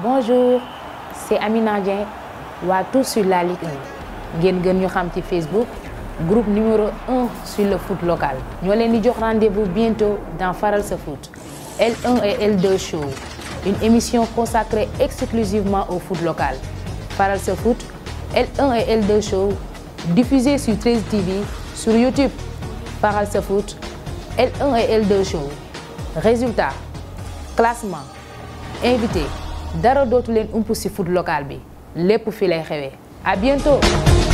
bonjour c'est Amina Dieng waa tous sur la Ligue 1 Vous Facebook groupe numéro 1 sur le foot local Nous allons nous rendez-vous bientôt dans Faral ce foot L1 et L2 show une émission consacrée exclusivement au foot local Faral se foot L1 et L2 show diffusée sur 13 TV sur YouTube Faral se foot L1 et L2 show résultats classement invités dara dootu leen ump si foot local bi lépp fi lay xewee à